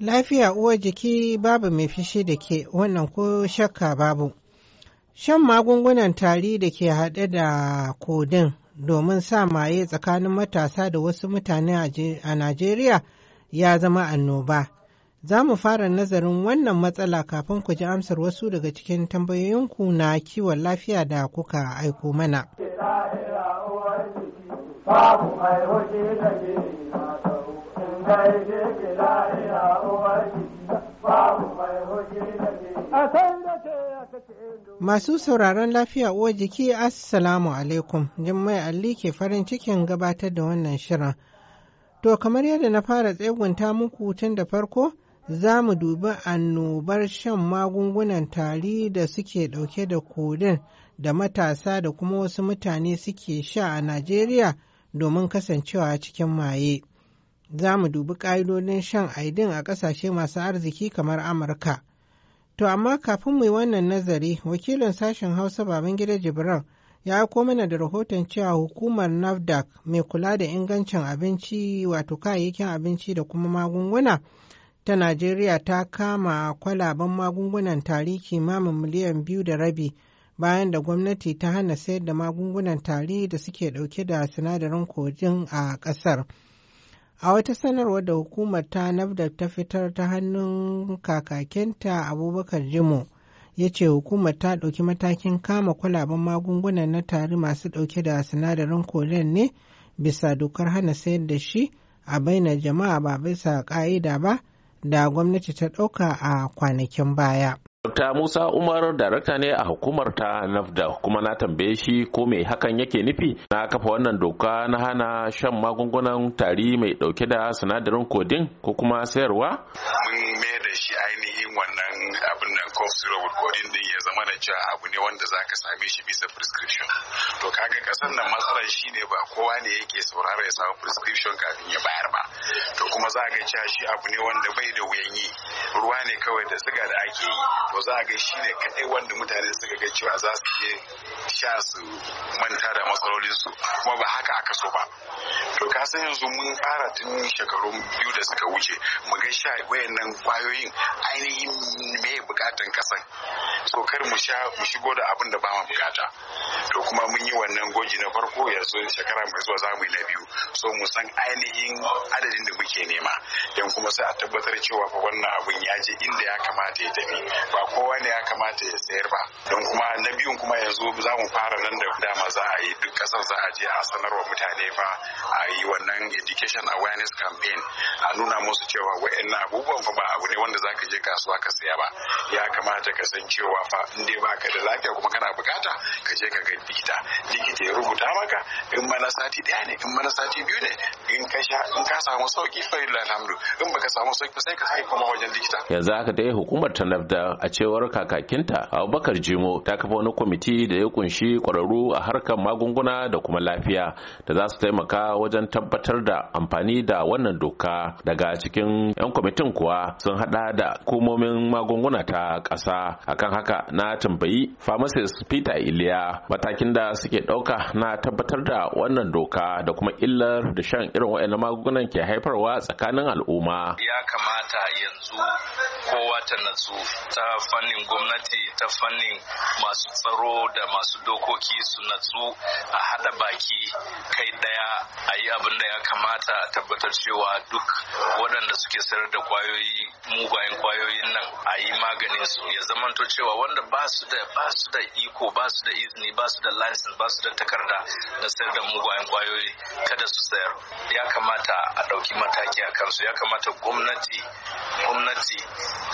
Lafiya uwar jiki babu mai fishi da ke wannan ko shakka babu. Shan magungunan tari da ke haɗe da kodin domin sa maye tsakanin matasa da wasu mutane a Najeriya ya zama annoba. Za mu fara nazarin wannan matsala kafin ku ji amsar wasu daga cikin tambayoyinku na kiwon lafiya da kuka aiko mana. babu mai da ke na tsaro in ke uwar babu mai da ke Masu sauraron lafiya uwa jiki Assalamu alaikum, Jummai alli ke farin cikin gabatar da wannan shirin. To kamar yadda na fara tsegunta muku tun da farko, za mu dubi annobar shan magungunan tari da suke ɗauke da kodin da matasa da kuma wasu mutane suke sha a Najeriya domin kasancewa cikin maye. Za mu dubi ƙa'idodin shan aidin a ƙasashe masu arziki kamar Amurka. To amma kafin mu yi wannan nazari, wakilin sashen Hausa Babangida Jibran ya aiko mana da rahoton cewa hukumar NAFDAC mai kula da ingancin abinci wato kayayyakin abinci da kuma magunguna ta Najeriya ta kama kwalaban magungunan tari kimanin miliyan biyu da rabi bayan da gwamnati ta hana sayar da magungunan tari da suke ɗauke da sinadarin kojin a ƙasar. A wata sanarwar da hukumar ta nafda ta fitar ta hannun kakakinta Abubakar Jimo ya ce hukumar ta ɗauki matakin kama kwalaben magungunan na tari masu ɗauke da sinadarin kolen ne bisa dokar hana sayar da shi a bainar jama'a ba bisa ƙa'ida ba da gwamnati ta ɗauka a kwanakin baya. Dr. Musa Umar darakta ne a hukumar ta NAFDA kuma na tambaye shi ko me hakan yake nufi na kafa wannan doka na hana shan magungunan tari mai dauke da sinadarin kodin ko kuma sayarwa. steroid codeine din ya zama na cewa abu ne wanda zaka same shi bisa prescription to kaga kasan nan matsalar shi ne ba kowa ne yake saurara ya samu prescription kafin ya bayar ba to kuma za ga cewa shi abu ne wanda bai da wuyan yi ruwa ne kawai da siga da ake yi to za ga shi ne kadai wanda mutane suka ga cewa za su je sha su manta da matsalolin su kuma ba haka aka so ba to kasan yanzu mun fara tun shekarun biyu da suka wuce mu ga sha wayannan kwayoyin ainihin me bukatan kasan so kar mu sha mu shigo da abin da ba mu bukata to kuma mun yi wannan goji na farko yanzu shekara mai zuwa za mu yi na biyu so mu san ainihin adadin da muke nema dan kuma sai a tabbatar cewa fa wannan abin ya je inda ya kamata ya tafi ba kowa ne ya kamata ya sayar ba don kuma na biyun kuma yanzu za mu fara nan da dama za a yi duk kasar za a je a sanarwa mutane fa a yi wannan education awareness campaign a nuna musu cewa wa'annan abubuwan fa ba abu ne wanda za ka je kasuwa ka saya ba ya kamata kamata ka san cewa fa in dai baka da lafiya kuma kana bukata ka je ka ga likita likita ya rubuta maka in ma na sati daya ne in ma na sati biyu ne in ka sha in ka samu sauki fa alhamdu in baka samu sauki sai ka sai kuma wajen likita yanzu haka dai hukumar ta nafda a cewar kakakinta Abubakar Jimo ta kafa wani kwamiti da ya kunshi kwararru a harkar magunguna da kuma lafiya da za su taimaka wajen tabbatar da amfani da wannan doka daga cikin 'yan kwamitin kuwa sun hada da hukumomin magunguna ta kasa akan haka na tambayi pharmacist peter iliya matakin da suke ɗauka na tabbatar da wannan doka da kuma illar da shan irin waɗannan magungunan ke haifarwa tsakanin al'umma ya kamata yanzu kowa ta natsu ta fannin gwamnati ta fannin masu tsaro da masu dokoki su natsu a haɗa baki kai ɗaya a yi abin da ya kamata a tabbatar cewa duk waɗanda suke sayar da kwayoyi mugayen kwayoyin nan a yi maganin su ya zamanto cewa wanda ba su da ba su da iko ba su da izini ba su da license ba su da takarda na sayar da mugayen kwayoyi kada su sayar ya kamata a ɗauki mataki a kansu ya kamata gwamnati gwamnati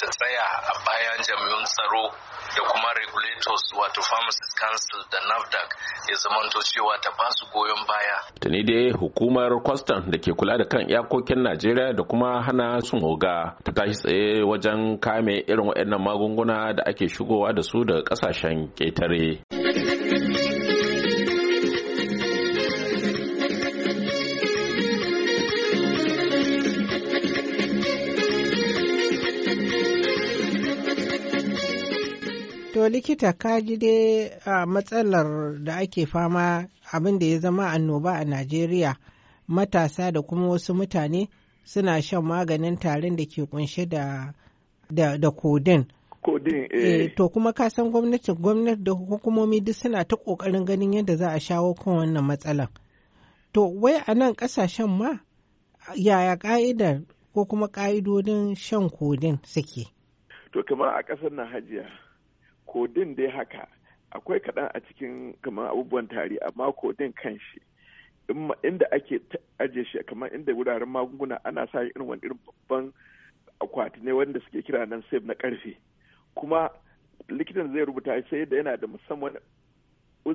ta tsaya a bayan jami'un tsaro da kuma regulators wato pharmacist council da nafdac ya zamanto cewa ta ba su goyon baya tuni dai hukumar kwastam da ke kula da kan iyakokin najeriya da kuma hana sun hoga ta tashi tsaye wajen kame irin waɗannan magunguna da ake shigowa da su daga ƙasashen ƙetare. To likita ka ji dai a matsalar da ake fama abin da ya zama annoba a Najeriya matasa da kuma wasu mutane suna shan maganin tarin da ke kunshe da da kodin. Kodin eh. eh. To kuma ka san gwamnati gwamnati da hukumomi duk suna ta kokarin ganin yadda za a shawo kan wannan matsalar. To wai a nan kasashen ma yaya ka'idar ko kuma ka'idodin shan kodin suke? To kamar a ƙasar na hajiya kodin dai haka akwai kaɗan a cikin kamar abubuwan tari amma kodin kan shi inda ake aje shi kamar inda wuraren magunguna ana sa irin wani irin babban akwati ne wanda suke kira nan save na karfe kuma likitan zai rubuta sai da yana da musamman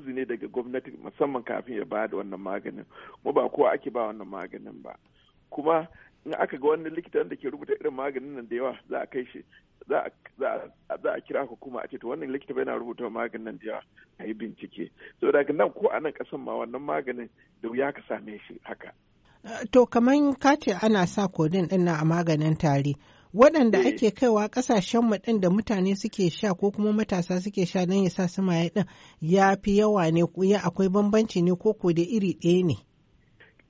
ne daga gwamnati musamman kafin ya bada wannan maganin kuma ba kowa ake ba wannan maganin ba kuma in aka ga wani likitan da ke rubuta irin maganin nan da yawa za a kai shi za a kira hukuma a ce to wannan likita bai na rubuta maganin da a yi bincike So daga nan ko a nan kasan ma wannan maganin da wuya ka same shi haka to kaman ka ce ana sa kodin din a maganin tari waɗanda eh. ake kaiwa ƙasashen mu da mutane suke sha ko kuma matasa suke sha don ya sa su maye ɗin ya fi yawa ne ya akwai bambanci ne ko ko da iri ɗaya ne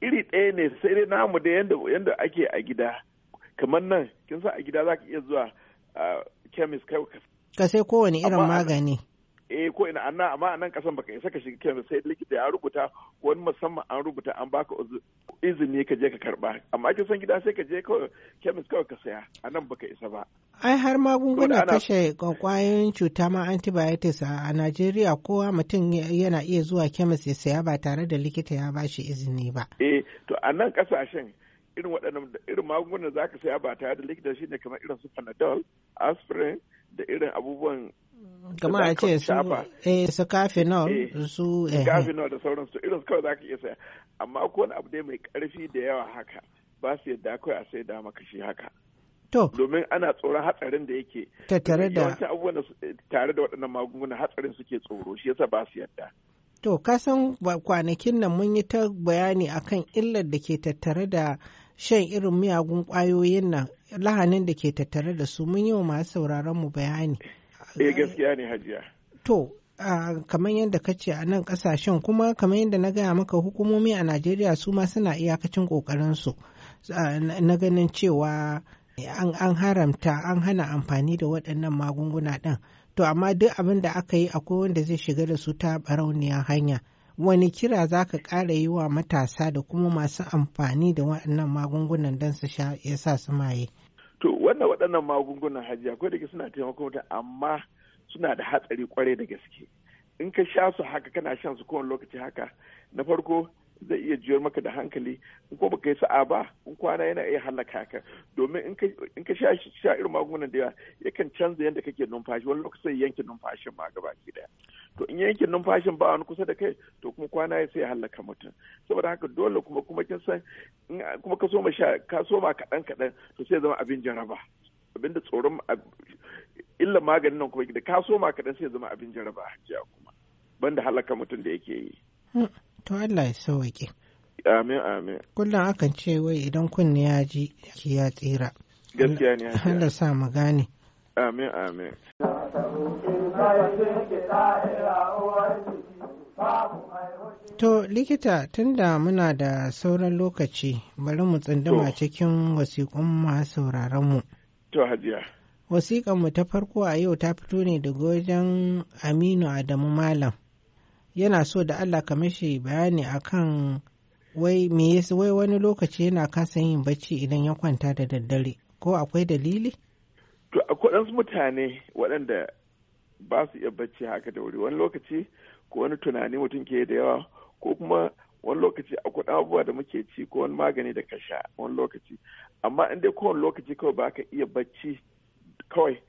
iri ɗaya ne sai dai namu da yanda ake a gida kamar nan kin san a gida za ka iya zuwa kemis kai ka sai kowane irin magani eh ko ina anna amma a kasan baka isa ka shiga kemis sai likita ya rubuta wani musamman an rubuta an baka izini ka je ka karba amma kin san gida sai ka je kemis kawai ka saya a baka isa ba ai har magunguna kashe kwayoyin cuta ma antibiotics a Najeriya kowa mutum yana iya zuwa kemis ya saya ba tare da likita ya bashi izini ba eh to anan nan kasashen irin waɗannan da irin magungunan za ka saya ba tare da likita shine kamar irin su panadol aspirin da irin abubuwan kamar a ce su eh su cafenol eh, su eh, eh cafenol da sauran su irin su kawai za ka iya saya amma ko wani abu dai mai karfi da yawa haka ba su yadda kawai a sai da maka shi haka To. Domin ana tsoron hatsarin da yake. Tattare da. Yawancin abubuwan eh, tare da waɗannan magungunan hatsarin suke tsoro shi yasa ba su yadda. To, kasan kwanakin nan mun yi ta bayani akan illar da ke tattare da shan irin miyagun ƙwayoyin nan lahanin da ke tattare da su mun yi wa masu sauraron mu bayani. Eh gaskiya ne hajiya. To kamar yadda ka ce a nan kasashen kuma kamar yadda na gaya maka hukumomi a Najeriya su ma suna iyakacin kokarin su na ganin cewa an haramta an hana amfani da waɗannan magunguna ɗin. To amma duk abin da aka yi akwai wanda zai shiga da su ta barauniya hanya. wani kira za ka ƙara yi wa matasa da kuma masu amfani da waɗannan magungunan don su sha ya sa su maye? To, wannan waɗannan magungunan hajji akwai da ke suna taimakon mutum amma suna da hatsari kwarai da gaske. In ka sha su haka kana shan su kowane lokaci haka na farko zai iya jiyar maka da hankali in ko baka yi sa'a ba in kwana yana iya halaka ka domin in ka sha irin magungunan da yawa yakan canza yadda kake numfashi wani lokacin yanke numfashin ma gaba ki daya to in yanke numfashin ba wani kusa da kai to kuma kwana ya sai hallaka mutum saboda haka dole kuma kuma kin san kuma ka soma sha ka soma kaɗan kaɗan to sai zama abin jaraba abin da tsoron illa maganin nan kuma da ka soma kaɗan sai zama abin jaraba hajiya kuma banda hallaka mutum da yake yi. Hmm, to Allah ya sauke. amin amin. kullum akan ce wai idan kunne ya ji ki ya tsira. gaskiya ne. Allah sa mu gane. amin amin. To likita tunda muna da sauran lokaci bari mu tsunduma cikin wasiƙun masu mu To hajiya. Wasiƙanmu ta farko a yau ta fito ne daga wajen Aminu Adamu Malam. Yana so da Allah ka mashi bayani akan wai me yasa wai wani lokaci yana kasa yin bacci idan ya kwanta da daddare ko akwai dalili? To akwai mutane waɗanda ba su iya bacci haka da wuri wani lokaci ko wani tunani mutum ke da yawa ko kuma wani lokaci akwai abubuwa da muke ci ko wani magani da ka sha wani lokaci amma in dai kowane lokaci kawai ba ka iya bacci kawai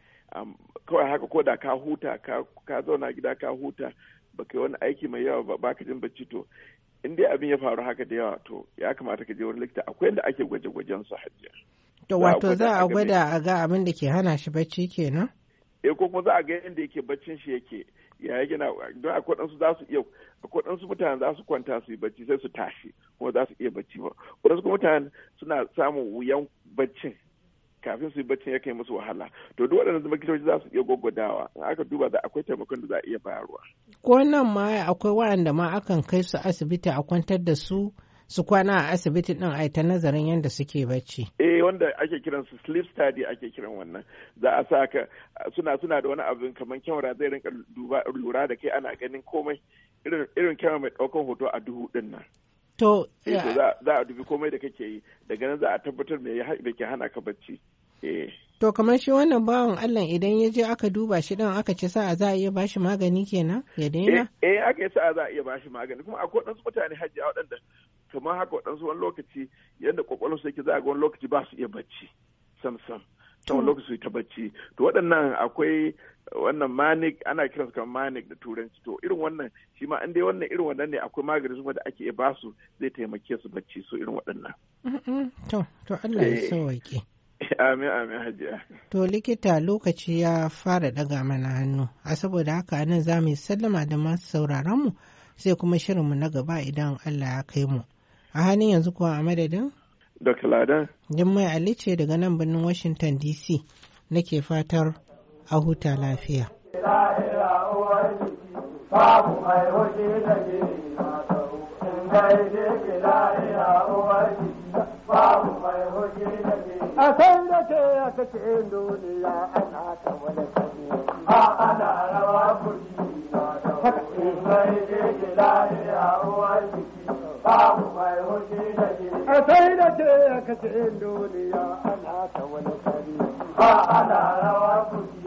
kawai haka ko da ka huta ka zauna gida ka huta ba yi wani aiki mai yawa ba ka jin bacci to in dai abin ya faru haka da yawa to ya kamata ka je wani likita akwai yadda ake gwaje-gwajen su hajiya. To wato za a gwada a ga abin da ke hana shi bacci kenan? eh ko kuma za a ga yadda yake baccin shi yake ya yi gina don akwai ɗansu za su iya akwai mutane za su kwanta su yi bacci sai su tashi kuma za su iya bacci ba wadansu kuma mutane suna samun wuyan baccin kafin su yi baccin ya kai musu wahala to duk waɗanda zama kitoci za su iya gwagwadawa in aka duba da akwai taimakon da za a iya bayarwa ko nan ma akwai waɗanda ma akan kai su asibiti a kwantar da su su kwana a asibiti din a ta nazarin yadda suke bacci. Eh wanda ake kiran su sleep study ake kiran wannan. Za a sa ka suna suna da wani abin kamar kyamara zai rinka lura da kai ana ganin komai irin irin kyamara mai daukan hoto a duhu din nan. To eh, za a dubi komai da kake yi daga nan za a tabbatar me ke hana ka bacci. Eh. To kamar shi wannan bawan Allah idan ya je aka duba shi dan aka ci sa'a za a iya bashi magani kenan ya daina? Eh, eh aka yi sa'a za a iya bashi magani kuma akwai wasu mutane hajji a waɗanda kamar haka waɗansu wani lokaci yadda kwakwalwarsu yake za a ga wani lokaci ba su iya bacci sam sam ta wani lokaci ta bacci to waɗannan akwai wannan manic ana su kamar manic da turanci to irin wannan shi ma an dai wannan irin wannan ne akwai magani su da ake ba su zai taimake su bacci su irin waɗannan. to to Allah ya eh. sauwaƙe. Amin amin hajiya. To likita lokaci ya fara ɗaga mana hannu a saboda haka nan za mu yi sallama da masu sauraron mu sai kuma shirinmu na gaba idan Allah ya kai mu. A hannun yanzu kuwa a madadin? Dr. Ladan. Jummai Ali ce daga nan birnin Washington DC nake fatar a huta lafiya. Babu mai da ke a san da ke ya kace duniya ana ta wani kame a ana rawa kuri na da wani mai ke gida ya uwar jiki babu mai hoshi da ke a sai da ce ka ce duniya ana ta wani ba ana kuki